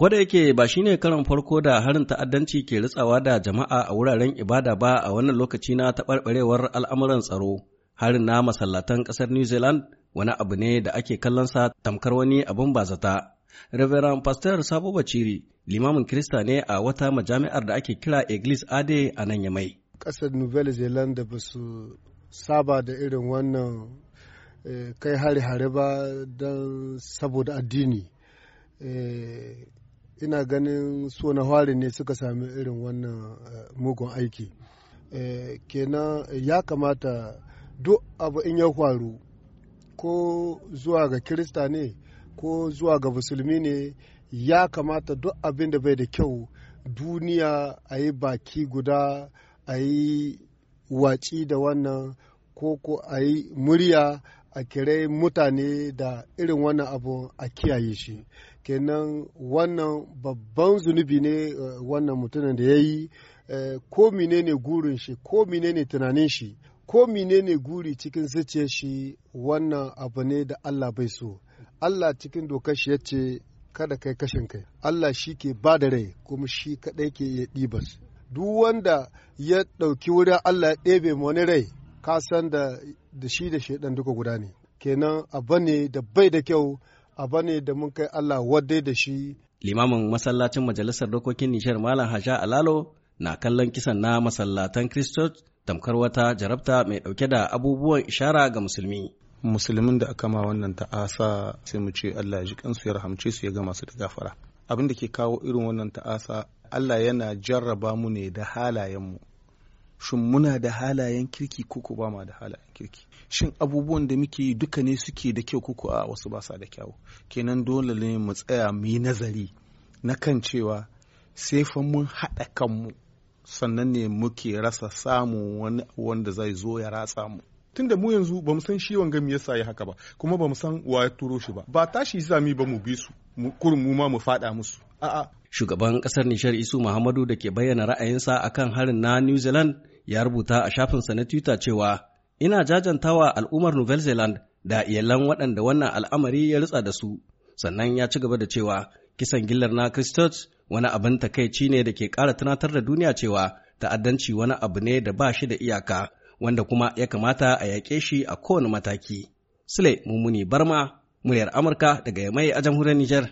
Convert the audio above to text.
Koda yake ba shi ne karan farko da harin ta'addanci ke ritsawa da jama'a a wuraren ibada ba a wannan lokaci na taɓarɓarewar al'amuran tsaro, harin na masallatan ƙasar New Zealand wani abu ne da ake kallonsa tamkar wani abin bazata. Reverend Pastor Sabo Baciri, limamin Kirista ne a wata majami'ar da ake kira Eglis Ade a nan ya mai. Ƙasar Nouvelle Zealand ba su saba da irin wannan eh, kai hare-hare ba don saboda addini. Eh, ina ganin so na hware ne suka sami irin wannan eh, mugun aiki eh, kenan ya kamata duk abu in ya faru ko zuwa ga kirista ne ko zuwa ga musulmi ne ya kamata duk abin da bai da kyau duniya a yi baki guda a yi waci da wannan ko ko a yi murya a kirai mutane da irin wannan abu a kiyaye shi kenan wannan babban zunubi ne eh, wannan mutumin da ya yi eh, ko menene gurin shi ko menene tunanin shi ko menene guri cikin zuciyar shi wannan abu ne da Allah bai so Allah cikin dokar shi ce kada kai kashin kai Allah shi ke ba da rai kuma shi kadai ke iya ɗibas duk wanda ya ɗauki wurin Allah ya ɗebe wani rai ka san da shi da shaidan duka guda ne kenan abu ne da bai da kyau abu ne da mun kai Allah wadda da shi limamin masallacin majalisar dokokin nishar malam hasha alalo na kallon kisan na masallatan christchurch tamkar wata jarabta mai dauke da abubuwan ishara ga musulmi musulmin da aka ma wannan ta'asa sai mu ce Allah ya ji kansu ya rahamce su ya ga masu da gafara abin da ke kawo irin wannan ta'asa Allah yana jarraba mu ne da halayenmu shin muna da halayen kirki ko ba ma da halayen kirki shin abubuwan da muke yi duka ne suke da kyau ko a wasu ba sa da kyau kenan dole ne mu tsaya mu yi nazari na kan cewa sai fa mun haɗa kanmu sannan ne muke rasa samu wani wanda zai zo ya ratsa mu tunda mu yanzu ba mu san shi wanga me yasa ya haka ba kuma ba mu san wa ya turo shi ba ba tashi mi ba mu bi su kurin mu ma mu faɗa musu a'a shugaban ƙasar Nishar Isu Muhammadu da ke bayyana ra'ayinsa akan harin na New Zealand ya rubuta a shafinsa na Twitter cewa ina jajantawa al'ummar Nouvelle Zealand da iyalan waɗanda wannan al'amari ya rutsa da su, sannan ya ci gaba da cewa kisan gillar na Christchurch wani abin takaici ne da ke ƙara tunatar da duniya cewa ta'addanci wani abu ne da ba shi da iyaka, wanda kuma ya kamata a yaƙe shi a kowane mataki. Sule Mummuni Barma, muryar Amurka daga Yamai a jamhuriyar Nijar.